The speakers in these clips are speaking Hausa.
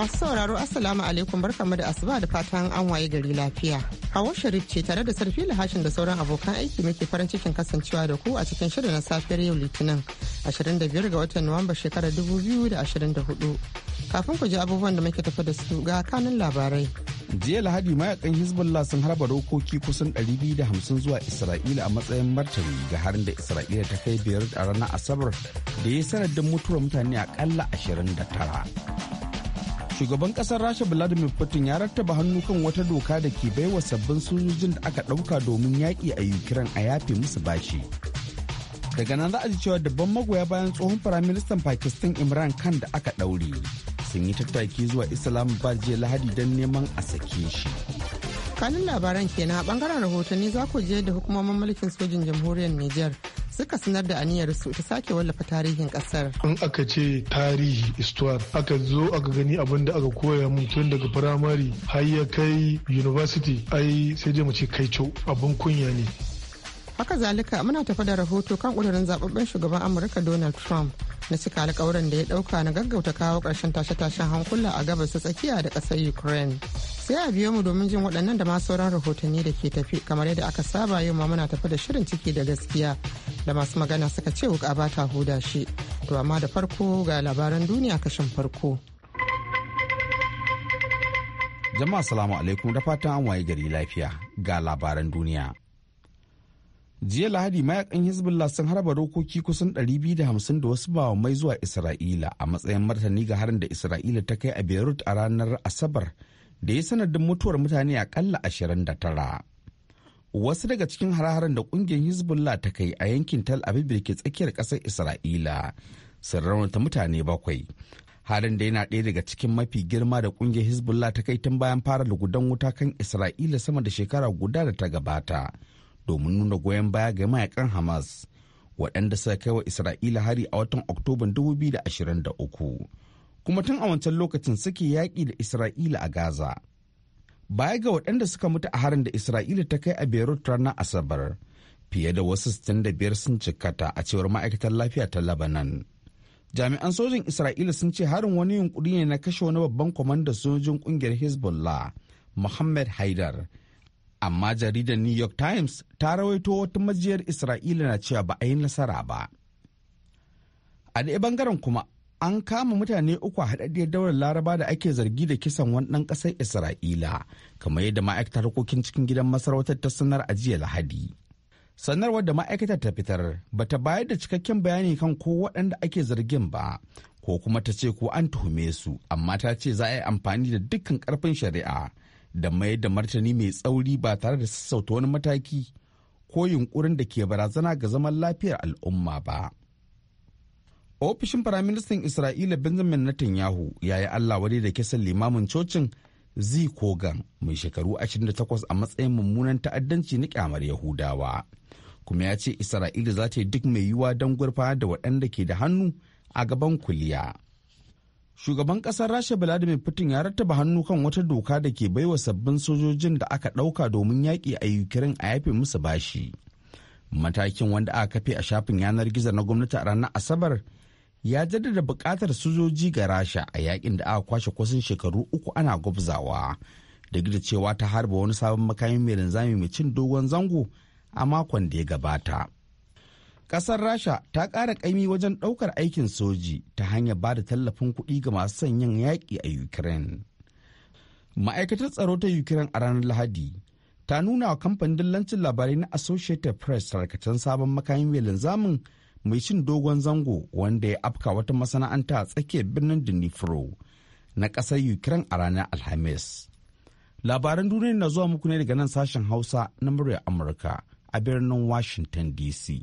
Masu sauraro Assalamu alaikum barkamu da asuba da fatan an waye gari lafiya. Hawa Sharif ce tare da Sarfi Lahashin da sauran abokan aiki muke farin cikin kasancewa da ku a cikin shirin na safiyar yau Litinin 25 ga watan Nuwamba shekarar 2024. Kafin ku ji abubuwan da muke tafa da su ga kanun labarai. Jiya Lahadi mayakan Hezbollah sun harba dokoki kusan 250 zuwa Isra'ila a matsayin martani ga harin da Isra'ila ta kai biyar a ranar Asabar da ya sanadin mutuwar mutane akalla 29. shugaban kasar rasha vladimir putin ya rattaba hannu kan wata doka da ke baiwa sabbin sojojin da aka ɗauka domin yaƙi a ukraine a yafe musu bashi daga nan za a ji cewa dabban magoya bayan tsohon firaministan pakistan imran khan da aka ɗaure sun yi tattaki zuwa islamabad jiya lahadi don neman a sake shi kanin labaran kenan a bangaren rahotanni za ku je da hukumomin mulkin sojin jamhuriyar niger suka sanar da aniyar su ta sake wallafa tarihin kasar. In aka ce tarihi istuwar aka zo aka gani abin da aka koya mun tun daga firamare har ya kai university ai sai dai mu ce kai co abin kunya ne. Haka zalika muna tafa da rahoto kan ƙudurin zababben shugaban Amurka Donald Trump na cika alkawarin da ya dauka na gaggauta kawo ƙarshen tashe-tashen hankula a gabas tsakiya da ƙasar Ukraine. sai a biyo mu domin jin waɗannan da ma sauran rahotanni da ke tafi kamar yadda aka saba yau ma muna tafi da shirin ciki da gaskiya da masu magana suka ce wuka ba ta huda shi to amma da farko ga labaran duniya kashin farko jama'a salamu alaikum da fatan an waye gari lafiya ga labaran duniya jiya lahadi mayakan hezbollah sun harba dokoki kusan 250 da wasu bawa mai zuwa isra'ila a matsayin martani ga harin da isra'ila ta kai a beirut a ranar asabar da ya sanadin mutuwar mutane akalla 29 wasu daga cikin har da kungiyar hezbollah ta kai a yankin Tal aviv ke tsakiyar kasar isra'ila sun raunata mutane bakwai harin da yana ɗaya daga cikin mafi girma da kungiyar hezbollah ta kai tun bayan fara lugudan wuta kan isra'ila sama da shekara guda da ta gabata domin nuna goyon baya ga mayakan hamas waɗanda suka kai wa isra'ila hari a watan oktoban 2023 kuma tun a wancan lokacin suke yaƙi da isra'ila a gaza baya ga waɗanda suka mutu a harin da isra'ila ta kai a beirut ranar asabar fiye da wasu biyar sun cikkata a cewar ma'aikatar lafiya ta Lebanon. jami'an sojin isra'ila sun ce harin wani yunkuri ne na kashe wani babban kwamandan sojin ƙungiyar hezbollah muhammad haidar amma jaridar new york times ta rawaito wata majiyar isra'ila na cewa ba a yi nasara ba a ɗaya bangaren kuma an kama mutane uku a haɗaɗɗiyar daular laraba da ake zargi da kisan wani ɗan ƙasar isra'ila kamar yadda ma'aikatar harkokin cikin gidan masarautar ta sanar a jiya lahadi sanarwar da ma'aikatar ta fitar ba ta bayar da cikakken bayani kan ko waɗanda ake zargin ba ko kuma ta ce ko an tuhume su amma ta ce za a yi amfani da dukkan ƙarfin shari'a da mayar da martani mai tsauri ba tare da sassauta wani mataki ko yunƙurin da ke barazana ga zaman lafiyar al'umma ba. ofishin firaministan isra'ila benjamin netanyahu ya yi allah wani da kisan limamin cocin zi kogan mai shekaru 28 a matsayin mummunan ta'addanci na kyamar yahudawa kuma ya ce isra'ila za ta yi duk mai yiwuwa don gurfa da waɗanda ke da hannu a gaban kuliya shugaban ƙasar rasha vladimir putin ya rattaba hannu kan wata doka da ke baiwa sabbin sojojin da aka ɗauka domin yaƙi a ukraine a yafe musu bashi matakin wanda aka kafe a shafin yanar gizo na gwamnati a ranar asabar ya jaddada buƙatar sojoji ga rasha a yakin da aka kwashe kusan shekaru uku ana gwabzawa duk da cewa ta harba wani sabon makami mai linzami mai cin dogon zango a makon da ya gabata ƙasar rasha ta ƙara ƙaimi wajen ɗaukar aikin soji ta hanyar ba da tallafin kuɗi ga masu sanyin yaƙi a ukraine ma'aikatar tsaro ta ukraine a ranar lahadi ta nuna wa kamfanin dillancin labarai na associated press tarkacen sabon makamin mai linzamin mai cin dogon zango wanda ya afka wata masana'anta a tsakiyar birnin Dnipro na ƙasar Ukraine a ranar Alhamis. Labaran duniya na zuwa muku ne daga nan sashen Hausa na muryar Amurka a birnin Washington DC.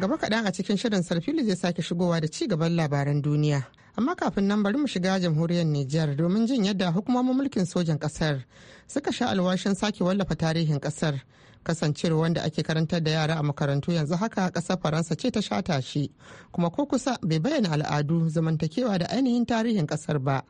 Gaba kaɗan a cikin shirin sarfili zai sake shigowa da ci gaban labaran duniya. Amma kafin nan bari mu shiga jamhuriyar Nijar domin jin yadda hukumomin mulkin sojan ƙasar suka sha alwashin sake wallafa tarihin ƙasar kasancewar wanda ake karantar da yara a makarantu yanzu haka ƙasar faransa ce ta shata shi kuma ko kusa bai bayyana al'adu zamantakewa da ainihin tarihin ƙasar ba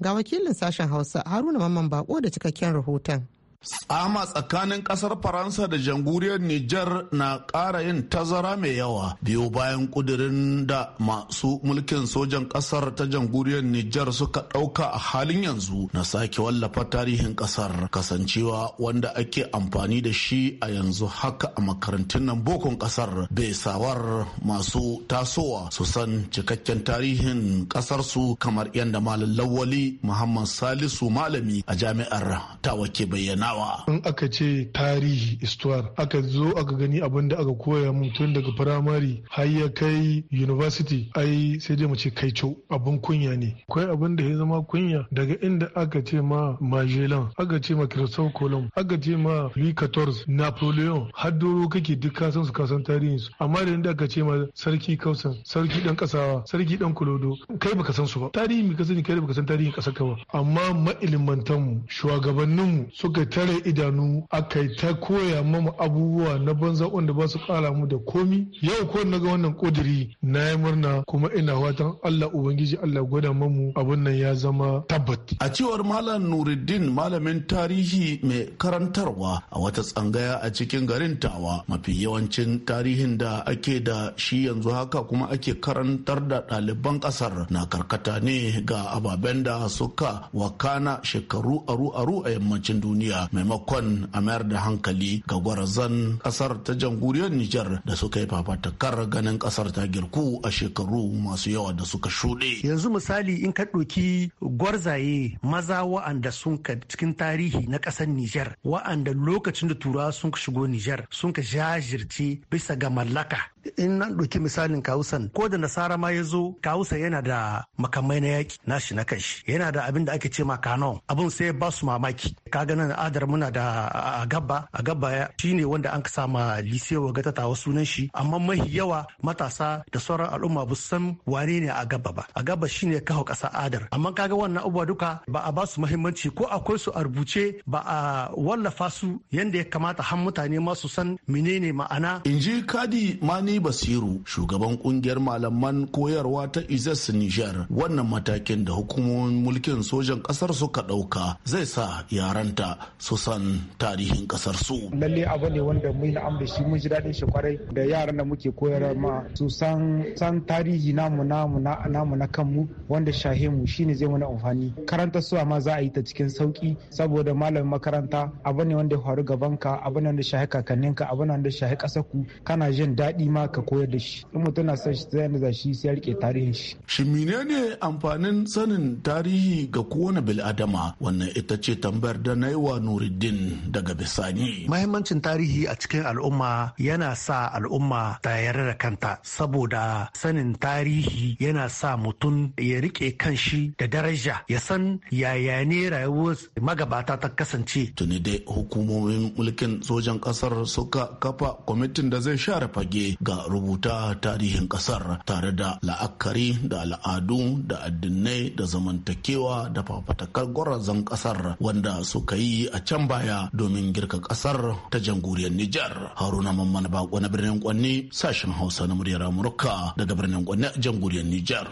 ga wakilin sashen hausa haruna mamman bako da cikakken rahoton Tsama tsakanin kasar Faransa da jamhuriyar Nijar na ƙara yin tazara mai yawa biyu bayan kudirin da masu mulkin sojan ƙasar ta jamhuriyar Nijar suka ɗauka a halin yanzu na sake wallafa tarihin ƙasar. kasancewa wanda ake amfani da shi a yanzu haka a makarantun nan bokon ƙasar bai sawar masu tasowa su san cikakken tarihin su kamar yadda malam lawali Muhammad Salisu malami a jami'ar ta wake bayyana karantawa. In aka ce tarihi istuwar aka zo aka gani abin da aka koya mun tun daga firamare har ya kai university ai sai dai mu ce kai co abin kunya ne. Akwai abin da ya zama kunya daga inda aka ce ma Magellan aka ce ma Christophe Colomb aka ce ma Louis XIV Napoleon har doro kake duk kasan su kasan tarihin su amma da inda aka ce ma sarki Kausan sarki dan kasawa sarki dan kulodo kai baka san su ba tarihi mai kasani kai baka san tarihin kasar ka ba amma ma'ilimantan mu shugabannin mu suka ta tare idanu aka ta koya mamu abubuwa na banza wanda ba su kara mu da komi yau ko na ga wannan kudiri na yi murna kuma ina watan Allah ubangiji Allah gwada mamu abun nan ya zama tabbat a cewar malam Nuruddin malamin tarihi mai karantarwa a wata tsangaya a cikin garin Tawa mafi yawancin tarihin da ake da shi yanzu haka kuma ake karantar da ɗaliban ƙasar na karkata ne ga ababen da suka wakana shekaru aru aru a yammacin duniya maimakon a mayar da hankali ga gwarazan kasar ta jamhuriyar Nijar da suka yi fafatakar ganin kasar ta girku a shekaru masu yawa da suka shuɗe. Yanzu misali in ka ɗauki gwarzaye maza wa'anda sun ka cikin tarihi na ƙasar Nijar wa'anda lokacin da turawa sun ka shigo Nijar sun ka jajirce bisa ga mallaka. In na ɗauki misalin Kawusan ko da nasara ma ya zo Kawusan yana da makamai na yaƙi nashi na kashi yana da abin da ake ce ma kano, abin sai ya ba su mamaki kaga nan kadar muna da a a agabba shine wanda an sama lisewa gata tawa sunan shi amma mahi yawa matasa da sauran al'umma ba san wane ne gaba ba a gaba shine kawo kasa adar amma kaga wannan abubuwa duka ba a ba su muhimmanci ko akwai su a rubuce ba a wallafa su yanda ya kamata har mutane ma su san menene ma'ana in ji kadi mani basiru shugaban kungiyar malaman koyarwa ta izas niger wannan matakin da hukumomin mulkin sojan kasar suka dauka zai sa yaranta su san tarihin kasar su. Lalle abu ne wanda mu yi da shi mun ji daɗin shi kwarai da yaran da muke koyar ma su san san tarihi namu namu namu na kanmu wanda shahe mu shine zai mana amfani. Karanta su amma za a yi ta cikin sauki saboda malamin makaranta abu ne wanda ya faru gaban ka abu ne wanda shahe kakannin ka abu ne wanda shahe ƙasar ku kana jin daɗi ma ka koyar da shi. In mutum na son shi zai da shi sai ya rike tarihin shi. Shi menene amfanin sanin tarihi ga kowane bil'adama wannan ita ce tambayar da na yi wa nuruddin daga bisani mahimmancin tarihi a cikin al'umma yana sa al'umma ta yarda da kanta saboda sanin tarihi yana sa mutum ya rike kanshi da daraja ya san yaya ne rayuwar magabata ta kasance tuni dai hukumomin mulkin sojan kasar suka kafa kwamitin da zai share fage ga rubuta tarihin kasar tare da la'akari da al'adu da addinai da zamantakewa da fafatakar gwarazan kasar wanda suka yi a can baya domin girka kasar ta jamhuriyar Nijar. Haruna Mamman Bako na birnin Kwanni sashen Hausa na muryar Amurka daga birnin Kwanni a jamhuriyar Nijar.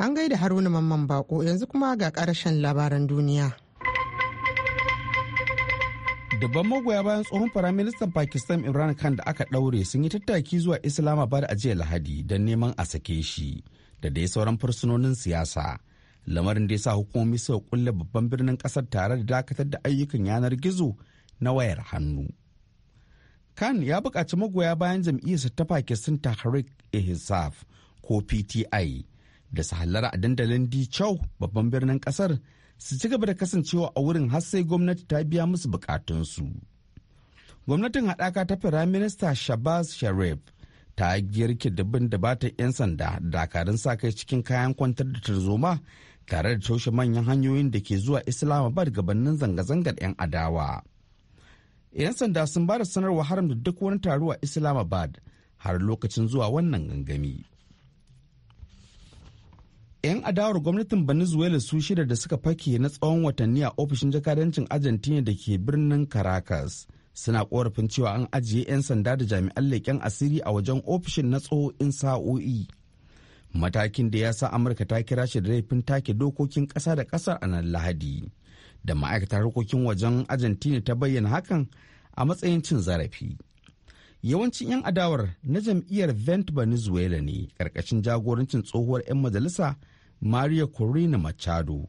An gaida Haruna Mamman Bako yanzu kuma ga ƙarshen labaran duniya. Dabban magoya bayan tsohon firaministan Pakistan Imran Khan da aka ɗaure sun yi tattaki zuwa Islamabad a jiya Lahadi don neman a sake shi da dai sauran fursunonin siyasa. lamarin da ya sa hukumomi suka kulle babban birnin kasar tare da dakatar da ayyukan yanar gizo na wayar hannu khan ya buƙaci magoya bayan jam'iyyarsa ta pakistan tahrik ihsaf ko pti da su hallara a dandalin dichau babban birnin kasar su ci gaba da kasancewa a wurin har sai gwamnati ta biya musu bukatunsu gwamnatin haɗaka ta firaminista shabaz sharif ta girke dabin da bata 'yan sanda da dakarun sa kai cikin kayan kwantar da tarzoma tare da toshe manyan hanyoyin da ke zuwa islamabad gabanin zanga-zangar 'yan adawa 'yan sanda sun ba da sanarwa haramta duk wani taro a islamabad har lokacin zuwa wannan gangami 'yan adawar gwamnatin venezuela su shida da suka fake na tsawon watanni a ofishin jakadancin argentina da ke birnin caracas suna korafin cewa an ajiye 'yan sanda da jami'an leƙen asiri a wajen ofishin na tsohon sa'o'i matakin da ya sa amurka ta kira shi da laifin take dokokin ƙasa da ƙasa a nan lahadi da ma'aikatar harkokin wajen argentina ta bayyana hakan a matsayin cin zarafi yawancin 'yan adawar na jam'iyyar vent venezuela ne ƙarƙashin jagorancin tsohuwar 'yan majalisa maria corina machado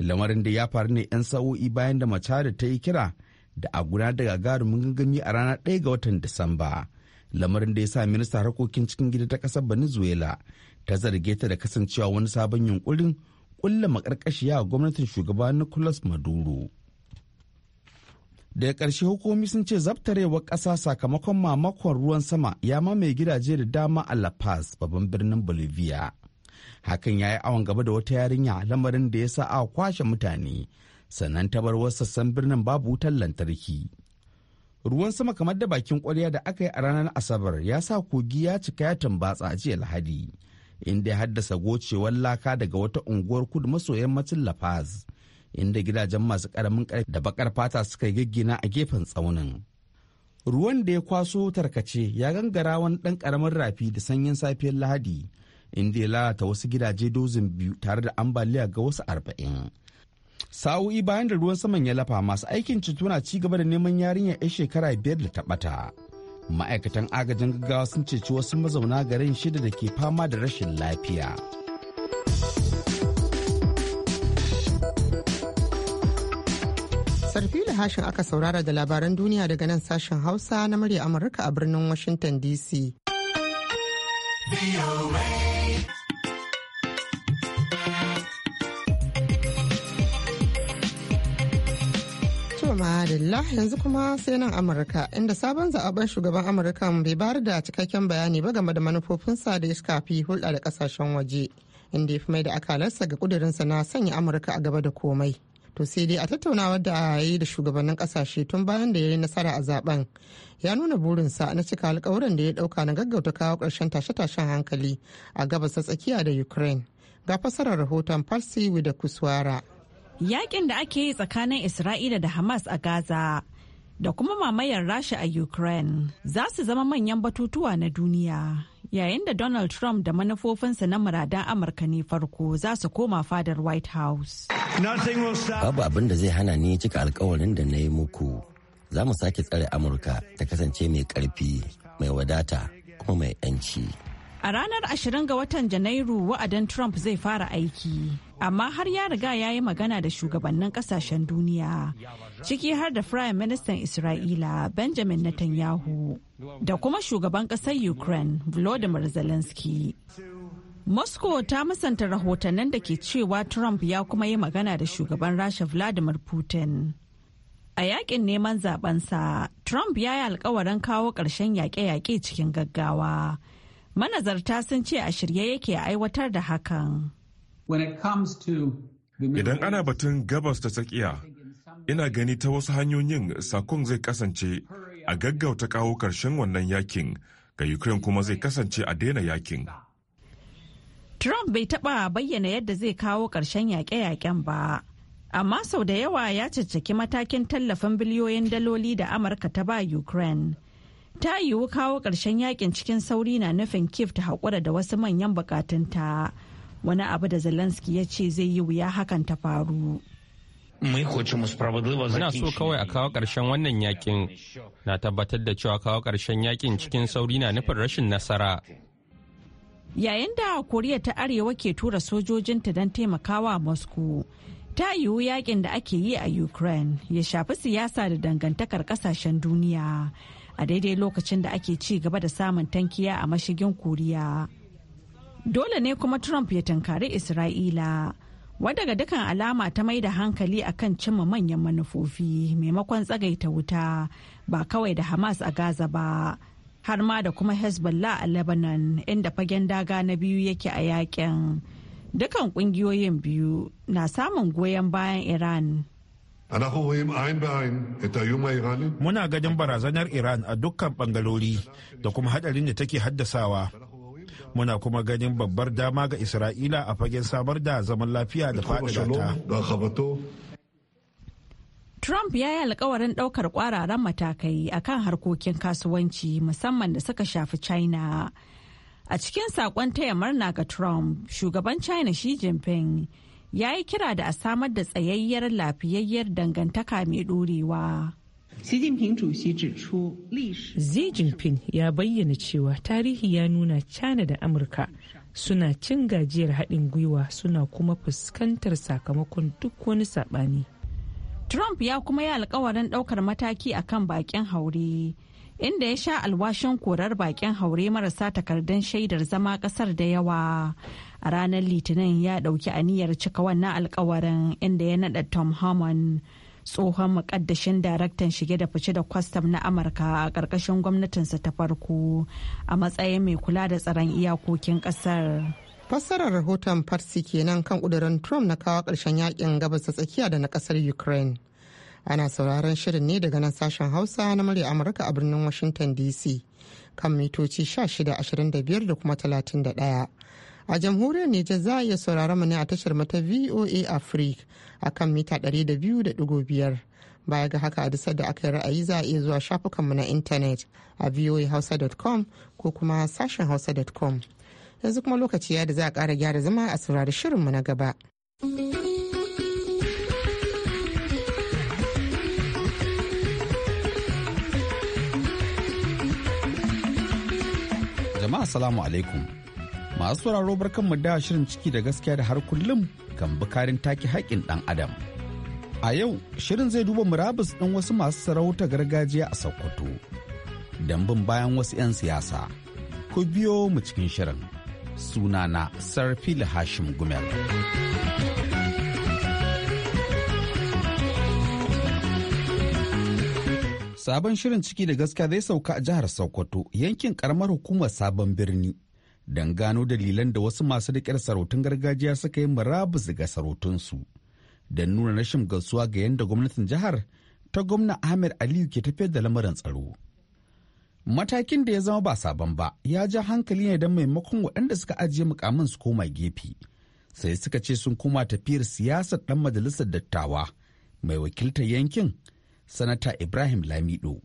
lamarin da ya faru ne 'yan sa'o'i bayan da machado ta yi kira da a gudanar da gagarumin gangami a ranar 1 ga watan disamba lamarin da ya sa minista harkokin cikin gida ta ƙasar venezuela ta zarge ta da kasancewa wani sabon yunkurin kulla makarkashiya a gwamnatin shugaba nicolas maduro daga ƙarshe hukumomi sun ce zabtarewar ƙasa sakamakon mamakon ruwan sama ya mamaye gidaje da dama a la paz babban birnin bolivia hakan ya yi awon gaba da wata yarinya lamarin da ya sa a kwashe mutane sannan ta bar wasu sassan birnin babu wutar lantarki ruwan sama kamar da bakin kwarya da aka yi a ranar asabar ya sa kogi ya cika ya tambatsa a jiya lahadi inda ya haddasa gocewar laka daga wata unguwar kudu maso yammacin La Paz, inda gidajen masu karamin karfi da baƙar fata suka gina a gefen tsaunin. Ruwan da ya kwaso tarkace ya gangara wani ɗan ƙaramin rafi da sanyin safiyar Lahadi, inda ya lalata wasu gidaje dozin biyu tare da ambaliya ga wasu arba'in. Sa'o'i bayan da ruwan saman ya lafa masu aikin ceto na ci gaba da neman yarinya 'yar shekara biyar da ta ɓata. ma'aikatan agajin gaggawa sun ceci wasu mazauna garin shida da ke fama da rashin lafiya. sarfila hashin aka saurara da labaran duniya daga nan sashen hausa na murya amurka a birnin washington dc. madalla yanzu kuma sai nan Amurka inda sabon zaɓen shugaban Amurka bai bayar da cikakken bayani ba game da manufofinsa da ya shafi hulɗa da kasashen waje inda ya fi mai da akalarsa ga kudurinsa na sanya Amurka a gaba da komai. To sai dai a tattaunawar da yi da shugabannin kasashe tun bayan da ya yi nasara a zaben ya nuna burinsa na cika alkawuran da ya ɗauka na gaggauta kawo ƙarshen tashe-tashen hankali a gabas tsakiya da Ukraine. Ga fasarar rahoton Farsi da Kuswara. Yakin da ake yi tsakanin Isra'ila da Hamas a Gaza da kuma mamayar Rasha a Ukraine za su zama manyan batutuwa na duniya. Yayin da Donald Trump da manufofinsa na muradan Amurka ne farko za su koma fadar White House. Babu abin da zai hana ni cika alkawarin da na yi muku. Za mu sake tsare Amurka ta kasance mai ƙarfi, mai wadata, kuma mai 'yanci. A ranar 20 ga watan Janairu wa'adin Trump zai fara aiki. amma har ya riga ya yi magana da shugabannin kasashen duniya ciki har da prime ministan isra'ila benjamin netanyahu da kuma shugaban kasar ukraine volodymyr zelensky moscow ta musanta rahotannin da ke cewa trump ya kuma yi magana da shugaban rasha vladimir putin a yakin neman zabensa trump ya yi alkawarin kawo ƙarshen yaƙe-yaƙe cikin gaggawa manazarta sun ce a shirye yake aiwatar da hakan Idan ana batun gabas ta tsakiya, ina gani ta wasu hanyoyin sakon zai kasance a gaggauta kawo karshen wannan yakin ga Ukraine kuma zai kasance a daina yakin. Trump bai taɓa bayyana yadda zai kawo ƙarshen yaƙe-yaƙen ba. Amma sau da yawa ya caccaki matakin tallafin biliyoyin daloli da Amurka ta ba Ukraine. Ta yiwu kawo ƙarshen yakin cikin sauri na nufin Kiev ta haƙura da wasu manyan buƙatunta. ta. wani abu da zelensky ya ce zai yi wuya hakan ta faru Muna so kawai a kawo ƙarshen wannan yakin na tabbatar da cewa kawo ƙarshen yakin cikin sauri na nufin rashin nasara. Yayin da Koriya ta Arewa ke tura sojojinta don taimakawa Moscow, ta yiwu yakin da ake yi a Ukraine ya shafi siyasa da dangantakar kasashen duniya a daidai lokacin da ake ci gaba da samun tankiya a mashigin Koriya. dole ne kuma trump ya tunkari isra'ila wadda ga dukkan alama ta mai da hankali akan cimma manyan manufofi maimakon tsagaita wuta ba kawai da hamas a gaza ba har ma da kuma hezbollah a lebanon inda fagen daga na biyu yake a yakin dukkan kungiyoyin biyu na samun goyon bayan iran Muna ganin barazanar Iran a dukkan bangarori da kuma hadarin da take haddasawa muna kuma ganin babbar dama ga isra'ila a fagen samar da zaman lafiya da faɗaɗa Trump ya yi alkawarin ɗaukar ƙwararan matakai akan harkokin kasuwanci musamman da suka shafi China. A cikin saƙon taya murna ga Trump, shugaban China Xi Jinping ya yi kira da a samar da tsayayyar lafiyayyar dangantaka mai ɗorewa. Xi Jinping ya bayyana cewa tarihi ya nuna China da Amurka suna cin gajiyar haɗin gwiwa suna kuma fuskantar sakamakon duk wani saɓani. Trump ya kuma yi alkawarin ɗaukar mataki a kan baƙin haure, inda ya sha alwashin korar baƙin haure marasa takardun shaidar zama ƙasar da yawa. A ranar Litinin ya ɗauki aniyar cika wannan alkawarin inda ya naɗa Tom Hammond. tsohon makaddashin daraktan shige da fice da kwastam na amurka a ƙarƙashin gwamnatinsa ta farko a matsayin mai kula da tsaron iyakokin ƙasar fassarar rahoton farsi kenan kan ƙudurin trump na kawo ƙarshen yakin gabas ta tsakiya da na ƙasar ukraine ana sauraron shirin ne daga nan sashen hausa na murya amurka a birnin washington dc kan mitoci 1625 da kuma 31 a jamhuriyar Nijar za a iya saurara mu ne a tashar mata VOA Africa a kan mita 200.5 baya ga haka a dusar da aka yi ra'ayi za a iya zuwa shafukanmu na intanet a voahausa.com ko kuma sashen hausa.com yanzu kuma lokaci ya da za a ƙara gyara zama a saurari shirinmu na gaba. Jama'a salamu alaikum. masu sauraro mu da shirin ciki da gaskiya da har kullum kan bukarin take haƙƙin ɗan adam a yau shirin zai duba murabus ɗin wasu masu sarauta gargajiya a sokoto don bayan wasu 'yan siyasa ku biyo mu cikin shirin sunana sarfila hashim gumel sabon shirin ciki da gaskiya zai sauka a jihar sokoto yankin karamar hukumar sabon birni don gano dalilan da wasu masu riƙe sarautun gargajiya suka yi marabus daga sarautunsu Don nuna rashin gasuwa ga yadda gwamnatin jihar ta gwamna ahmed aliyu ke tafiyar da lamarin tsaro matakin da ya zama ba sabon ba ya ja hankali ne don maimakon waɗanda suka ajiye mukamin su koma gefe sai suka ce sun koma tafiyar siyasar ɗan majalisar dattawa mai wakiltar yankin sanata ibrahim lamido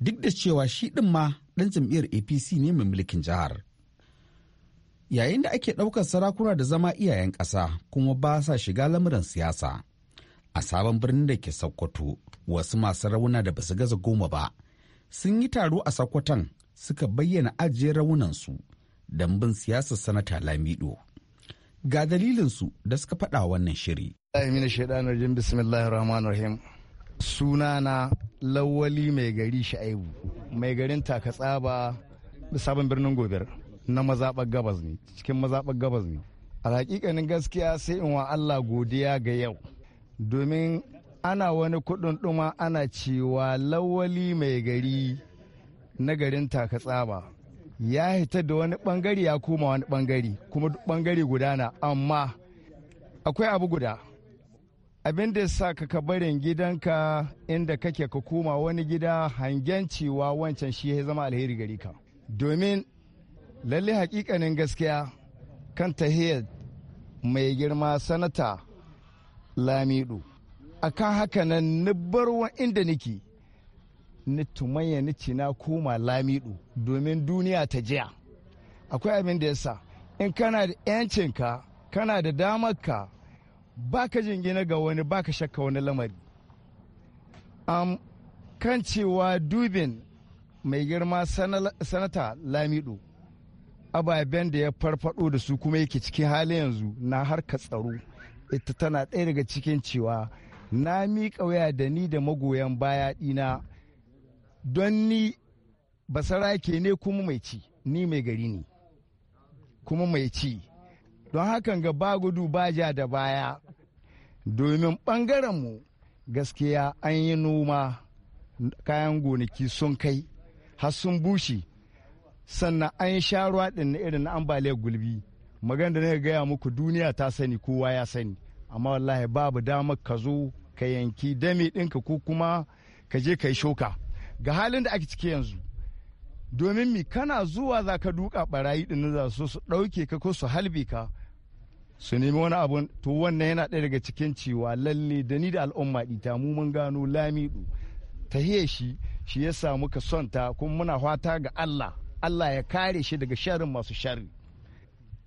duk da cewa shi ɗin ma ɗan jam'iyyar apc ne mai mulkin jihar yayin da ake ɗaukar sarakuna da zama iyayen ƙasa kuma ba sa shiga lamuran siyasa. A sabon birnin da ke Sokoto, wasu masu rauna da basu gaza goma ba, sun yi taro a Sokoton suka bayyana ajiye raunansu don bin siyasar sanata Lamido. Ga dalilinsu da suka faɗa wannan shiri. Sunana Lawali mai gari Sha'ibu, mai garin Takatsaba, sabon birnin gobe. na mazaɓar gabas ne cikin mazaɓar gabas ne a hakikanin gaskiya sai in wa allah godiya ga yau domin ana wani kudin ɗuma ana cewa lawali mai gari na garin takatsaba ya hita da wani bangare ya koma wani bangare kuma bangare gudana amma akwai abu guda abin da sa ka ka barin gidanka inda kake ka koma wani gida hangen cewa wancan shi ya zama alheri gari ka domin lalle hakikanin gaskiya kan tahiyar mai girma sanata lamido akan haka nan nubarwa inda niki ni tumayya ni cina koma lamido domin duniya ta jiya akwai abin da yasa in kana da yancinka kana da damarka ba ka jingina ga wani ba ka shakka wani lamari um, kan cewa dubin mai girma sanata lamido ababen da ya farfado da su kuma yake cikin halin yanzu na harka tsaro ita tana ɗaya daga cikin cewa na miƙa waya da ni da magoyan baya ɗina don ni basarake ne kuma mai ci ni mai gari ne kuma mai ci don hakan ga ba gudu ba ja da baya domin mu gaskiya an yi noma kayan gonaki sun kai har sun bushe sannan an sha ruwa ɗin na irin na ambaliyar gulbi magana da na gaya muku duniya ta sani kowa ya sani amma wallahi babu damar ka zo ka yanki dame ɗinka ko kuma ka je ka yi shoka ga halin da ake ciki yanzu domin mi kana zuwa za ka duka barayi ɗin za su su ɗauke ka ko su halbe ka su nemi wani abu to wannan yana ɗaya daga cikin cewa lalle da ni da al'umma ita mu mun gano lamiɗu ta shi shi ya samu ka son ta kuma muna fata ga Allah Allah ya kare shi daga sharrin masu sharri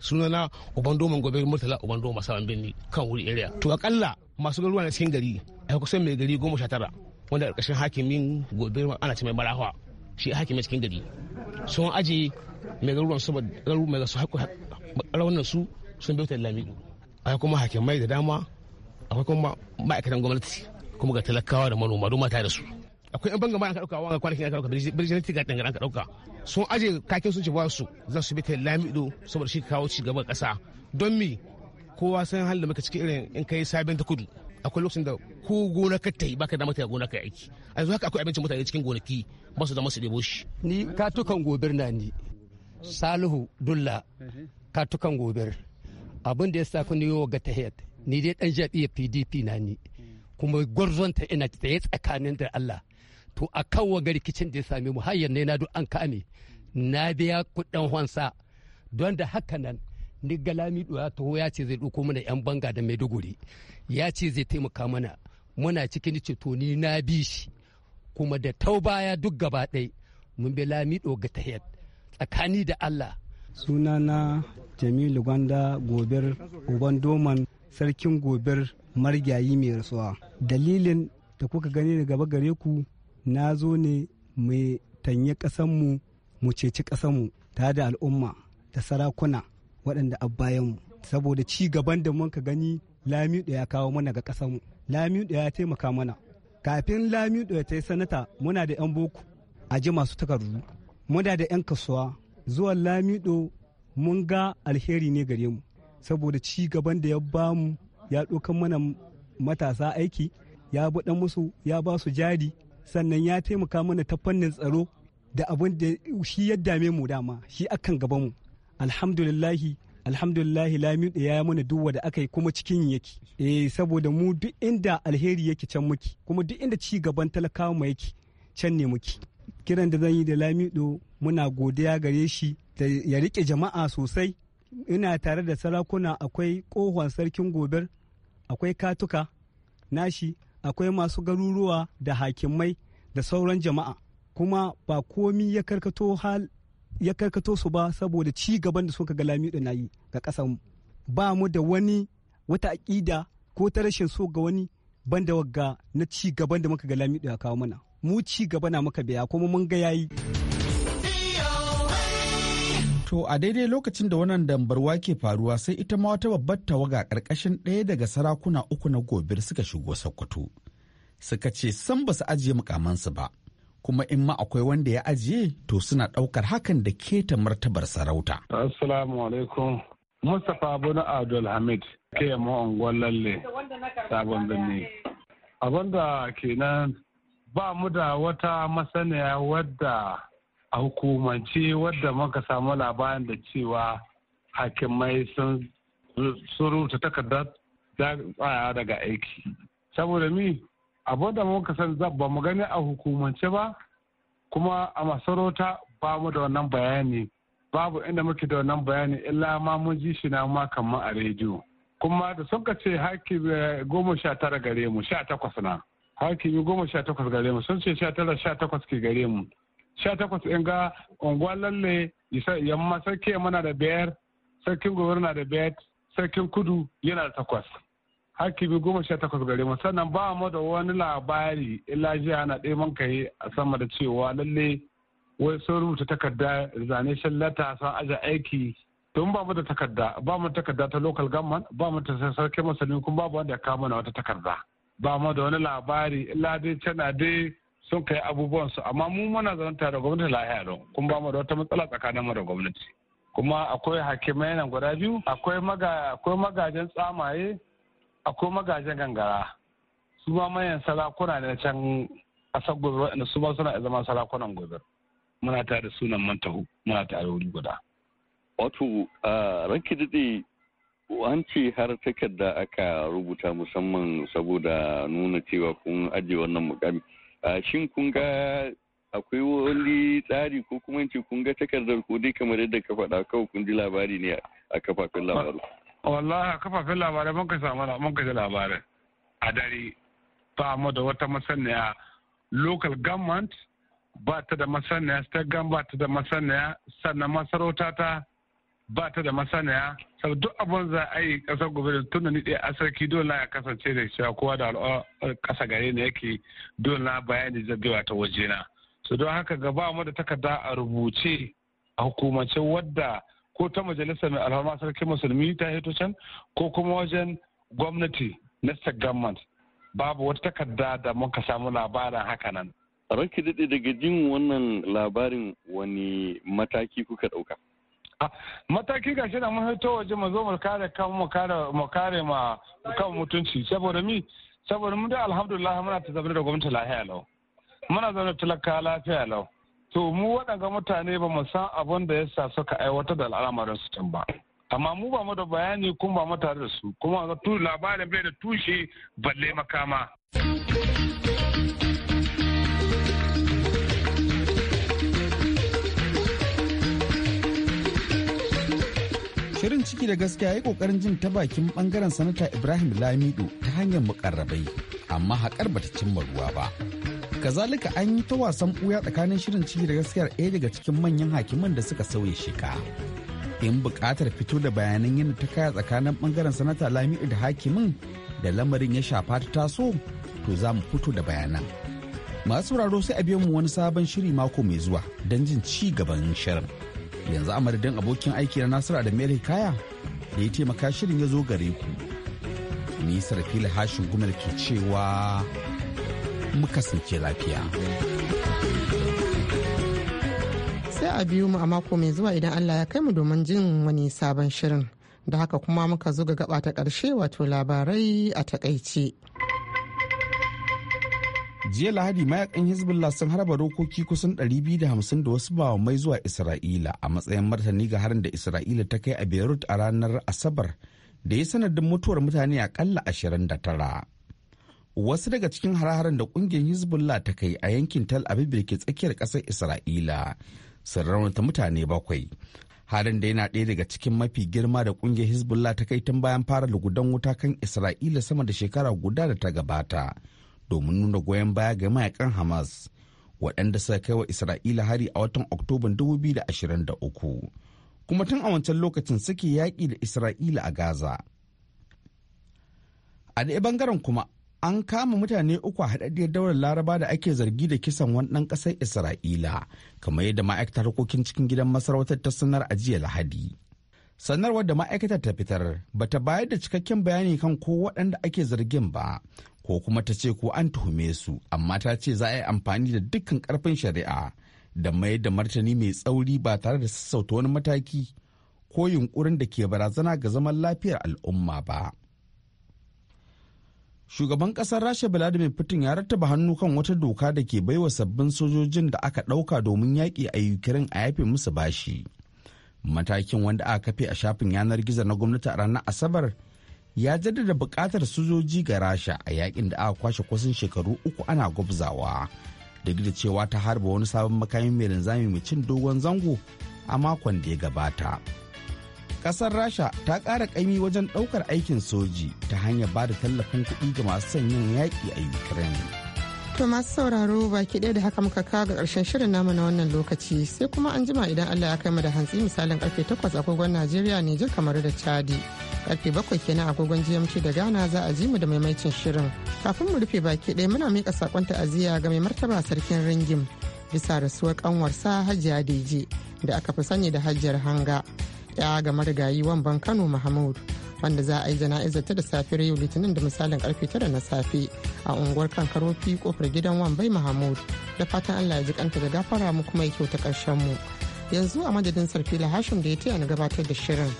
sunana ubando man gobe murtala ubando masaran birni kan wuri area to akalla masu garuwa na cikin gari a kusan mai gari goma sha tara wanda ƙarshen hakimin gobe ana ce mai barawa shi hakimin cikin gari sun aje mai garuruwan su mai su raunin su sun bai wutar lamidu akwai kuma hakimai da dama akwai kuma ma'aikatan gwamnati kuma ga talakawa da manoma don mata da su akwai yan bangama ka dauka wanga kwanakin ka dauka birjin tiga dan ka dauka sun aje kakin sun ci ba su za su bi ta lamido saboda shi kawo ci gaban kasa don mi kowa san hal da muka cikin irin in kai sabin ta kudu akwai lokacin da ko gona ka tai baka da mata gona ka aiki a yanzu haka akwai abincin mutane cikin gonaki ba su da masu debo shi ni katukan gobir na ni salihu dulla katukan gobir abin da ya sa kun yiwo ga tahiyat ni dai dan jabi pdp na ni kuma gwarzonta ina tsaye tsakanin da allah to a kan waga rikicin da ya same mu har ne na duk an kame na biya kuɗin honsa don da haka nan ni galami ya taho ya ce zai ɗauko mana yan banga da maiduguri ya ce zai taimaka mana muna cikin ceto ni na bi shi kuma da tau baya duk gaba ɗai mun bi lamido ga tahiyar tsakani da allah sunana jamilu gwanda gobir uban doman sarkin gobir margayi mai rasuwa dalilin da kuka gani daga gare ku na zo ne mai tanye ƙasanmu mu ceci ƙasanmu ta da al'umma da sarakuna waɗanda a bayanmu saboda ci gaban da muka gani lamido ya kawo mana ga ƙasanmu lamido ya taimaka mana kafin lamido ya yi sanata muna da 'yan boko a ji masu takardu muna da 'yan kasuwa zuwan lamido mun ga alheri ne gare mu saboda ci gaban da ya ba mu ya ɗaukan mana matasa aiki ya ɗan musu ya ba su jari sannan ya taimaka mana ta fannin tsaro da abin da shi ya dame mu dama shi akan gaban mu alhamdulillahi alhamdulillahi lamin da ya mana duk da aka yi kuma cikin yake eh saboda mu duk inda alheri yake can muke kuma duk inda ci gaban talakawa mu yake can ne muke kiran da zan yi da lamido muna godiya gare shi da ya rike jama'a sosai ina tare da sarakuna akwai kohon sarkin gobe akwai katuka nashi akwai masu garuruwa da hakimai da sauran jama'a kuma ba komi ya karkato hal ya karkato su ba saboda ci gaban da suka ga lamido na yi ga kasan ba mu da wani wata aƙida ko ta rashin so ga wani banda wagga na ci gaban da muka ga lamido ya kawo mana mu ci gaba na muka biya kuma mun ga yayi. To a daidai lokacin da wannan dambarwa ke faruwa sai ita ma wata babbar tawaga ƙarƙashin ɗaya daga sarakuna uku na gobir suka shigo Sokoto. Suka ce san ba su ajiye mukamansu ba, kuma in ma akwai wanda ya ajiye to suna ɗaukar hakan da keta martabar sarauta. Assalamu alaikum. Mustapha Bunu Abdul Hamid ke mu unguwar lalle sabon birni. Abinda kenan ba mu da wata masaniya wadda a hukumance wadda muka samu labarin da cewa hakimai sun surutu takardar tsaya daga aiki saboda mi abu da muka san ba mu gani a hukumance ba kuma a masarauta ba mu da wannan bayani babu inda muke da wannan bayani illa ma mun ji shi na ma kamar a rediyo kuma da ka ce haki eh, goma sha tara gare mu sha takwas na hakimi goma sha takwas gare mu sun ce sha tara sha takwas ke gare mu takwas in ga unguwa lalle yamma sarki yamma na da biyar sarkin gobe na da biyar sarkin kudu yana da takwas hakimi goma sha takwas gare mu sannan ba mu da wani labari illa jiya na ɗaya man kai a sama da cewa lalle wai sun rubuta takarda zane shan lata sun aje aiki tun ba mu da takarda ba mu takarda ta local government ba mu ta sarki masanin kuma ba wanda ya kama na wata takarda ba mu da wani labari illa dai tana dai sun kai abubuwan su amma mu muna zaune tare da gwamnati lahiya don kun ba mu da wata matsala tsakanin mu da gwamnati kuma akwai hakimai nan guda biyu akwai maga akwai magajen tsamaye akwai magajen gangara su ma manyan sarakuna ne can kasar gobe waɗanda su ma suna zama sarakunan gobe muna tare da sunan mantahu muna tare wuri guda wato ranki dade an ce har takarda aka rubuta musamman saboda nuna cewa kun ajiye wannan mukami shin kun ga akwai wani tsari ko kuma ce kun ga takardar ko dai kamar yadda ka faɗa kawai kun ji labari ne a kafafen labaru. wallahi a kafafen labarai mun ka samu mun ka ji labarin a dare ba mu da wata masaniya local government ba ta da masaniya state government ba ta da masaniya sannan masarauta ta ba ta da masanaya sau duk abin za a yi kasar gobe da tun da ni ɗaya sarki dole ya kasance da cewa kowa da ƙasa gare ne yake dole na bayani zagewa ta waje na su don haka gaba mu da takarda a rubuce a hukumance wadda ko ta majalisar mai alhama sarki musulmi ta hito can ko kuma wajen gwamnati na government babu wata takarda da muka samu labarin nan ranki daɗe daga jin wannan labarin wani mataki kuka ɗauka? mataki ga shi da mun hito waje mu zo mu kare kan mu kare mu kare ma kan mutunci saboda mi saboda mun da alhamdulillah muna ta zabar da gwamnati lafiya lau muna zaune talaka lafiya lau to mu waɗanga mutane ba mu san abin da yasa suka aiwatar da al'amarin su tun ba amma mu ba mu da bayani kuma ba mu tare da su kuma tu labarin bai da tushe balle makama Shirin ciki da gaskiya ya kokarin jin ta bakin bangaren sanata Ibrahim Lamido ta hanyar mukarrabai amma haƙar bata cimma ruwa ba. Kazalika an yi ta wasan ɓuya tsakanin shirin ciki da gaskiyar ɗaya daga cikin manyan hakiman da suka sauya shika In buƙatar fito da bayanan yadda ta kaya tsakanin bangaren sanata Lamido da hakimin da lamarin ya shafa ta taso to za mu fito da bayanan. Masu sauraro sai a biyo mu wani sabon shiri mako mai zuwa don jin ci gaban shirin. yanzu a abokin aiki na nasara da mary kaya da ya taimaka shirin ya zo gare ku ni sarfila hashin gumar ke cewa muka kasance lafiya sai a biyu mu a mako mai zuwa idan allah ya kai mu domin jin wani sabon shirin da haka kuma muka zo ga gaba ta ƙarshe wato labarai a takaice. jiya lahadi mayakan hezbollah sun harba dokoki kusan 250 da wasu mai zuwa isra'ila a matsayin martani ga harin da isra'ila ta kai a beirut a ranar asabar da ya sanadin mutuwar mutane akalla 29 wasu daga cikin har da kungiyar hezbollah ta kai a yankin Tal aviv ke tsakiyar kasar isra'ila sun raunata mutane bakwai harin da yana ɗaya daga cikin mafi girma da kungiyar hezbollah ta kai tun bayan fara lugudan wuta kan isra'ila sama da shekara guda da ta gabata domin nuna goyon baya ga mayakan hamas waɗanda suka kai wa isra'ila hari a watan oktoban 2023 kuma tun a wancan lokacin suke yaƙi da isra'ila a gaza a ɗaya bangaren kuma an kama mutane uku a haɗaɗɗiyar daular laraba da ake zargi da kisan wani ɗan ƙasar isra'ila kamar yadda ma'aikatar harkokin cikin gidan masarautar ta sanar a jiya lahadi sanarwar da ma'aikatar ta fitar bata bayar da cikakken bayani kan ko waɗanda ake zargin ba ko kuma ta ce ko an tuhume su amma ta ce za a yi amfani da dukkan karfin shari'a da mai da martani mai tsauri ba tare da sassauta wani mataki ko yunkurin da ke barazana ga zaman lafiyar al'umma ba. Shugaban ƙasar Rasha Vladimir Putin ya rattaba hannu kan wata doka da ke baiwa sabbin sojojin da aka ɗauka domin yaƙi a Ukraine a yafe musu bashi. Matakin wanda aka kafe a shafin yanar gizo na gwamnati a ranar Asabar ya jaddada bukatar sojoji ga rasha a yakin da aka kwashe kusan shekaru uku ana gwabzawa duk da cewa ta harba wani sabon makamin mai linzami mai cin dogon zango a makon da ya gabata kasar rasha ta kara ƙaimi wajen daukar aikin soji ta hanyar ba da tallafin kuɗi ga masu sanyin yin yaƙi a ukraine To masu sauraro baki ɗaya da haka muka kawo ga ƙarshen shirin namu na wannan lokaci sai kuma an jima idan Allah ya kai mu da hantsi misalin karfe 8 agogon Najeriya ne kamar da Chadi. karfe bakwai kenan agogon gmt da ghana za a ji mu da maimaicin shirin kafin mu rufe baki ɗaya muna miƙa sakon ta'aziyya ga mai martaba sarkin ringim bisa rasuwar kanwarsa hajji adeji da aka fi sani da hajiyar hanga ya ga marigayi wamban kano mahmud wanda za a yi jana'izar ta da safiyar yau litinin da misalin karfe tara na safe a unguwar kankarofi kofar gidan wambai mahmud da fatan allah ya ji kanta da gafara mu kuma ya kyauta karshen mu yanzu a madadin sarfila hashim da ya taya na gabatar da shirin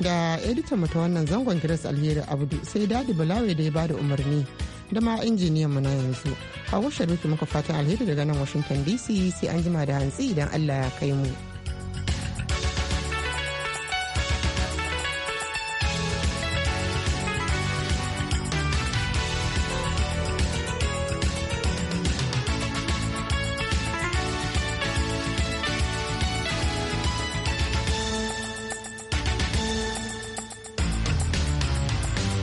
da editan mu ta wannan zangon Giras Alheri Abdu sai Dadi Balawe da ya bada umarni da ma injiniyan mu na yanzu. Hawa Sharifu muka fatan alheri daga nan Washington DC sai an jima da hantsi idan Allah ya kai mu.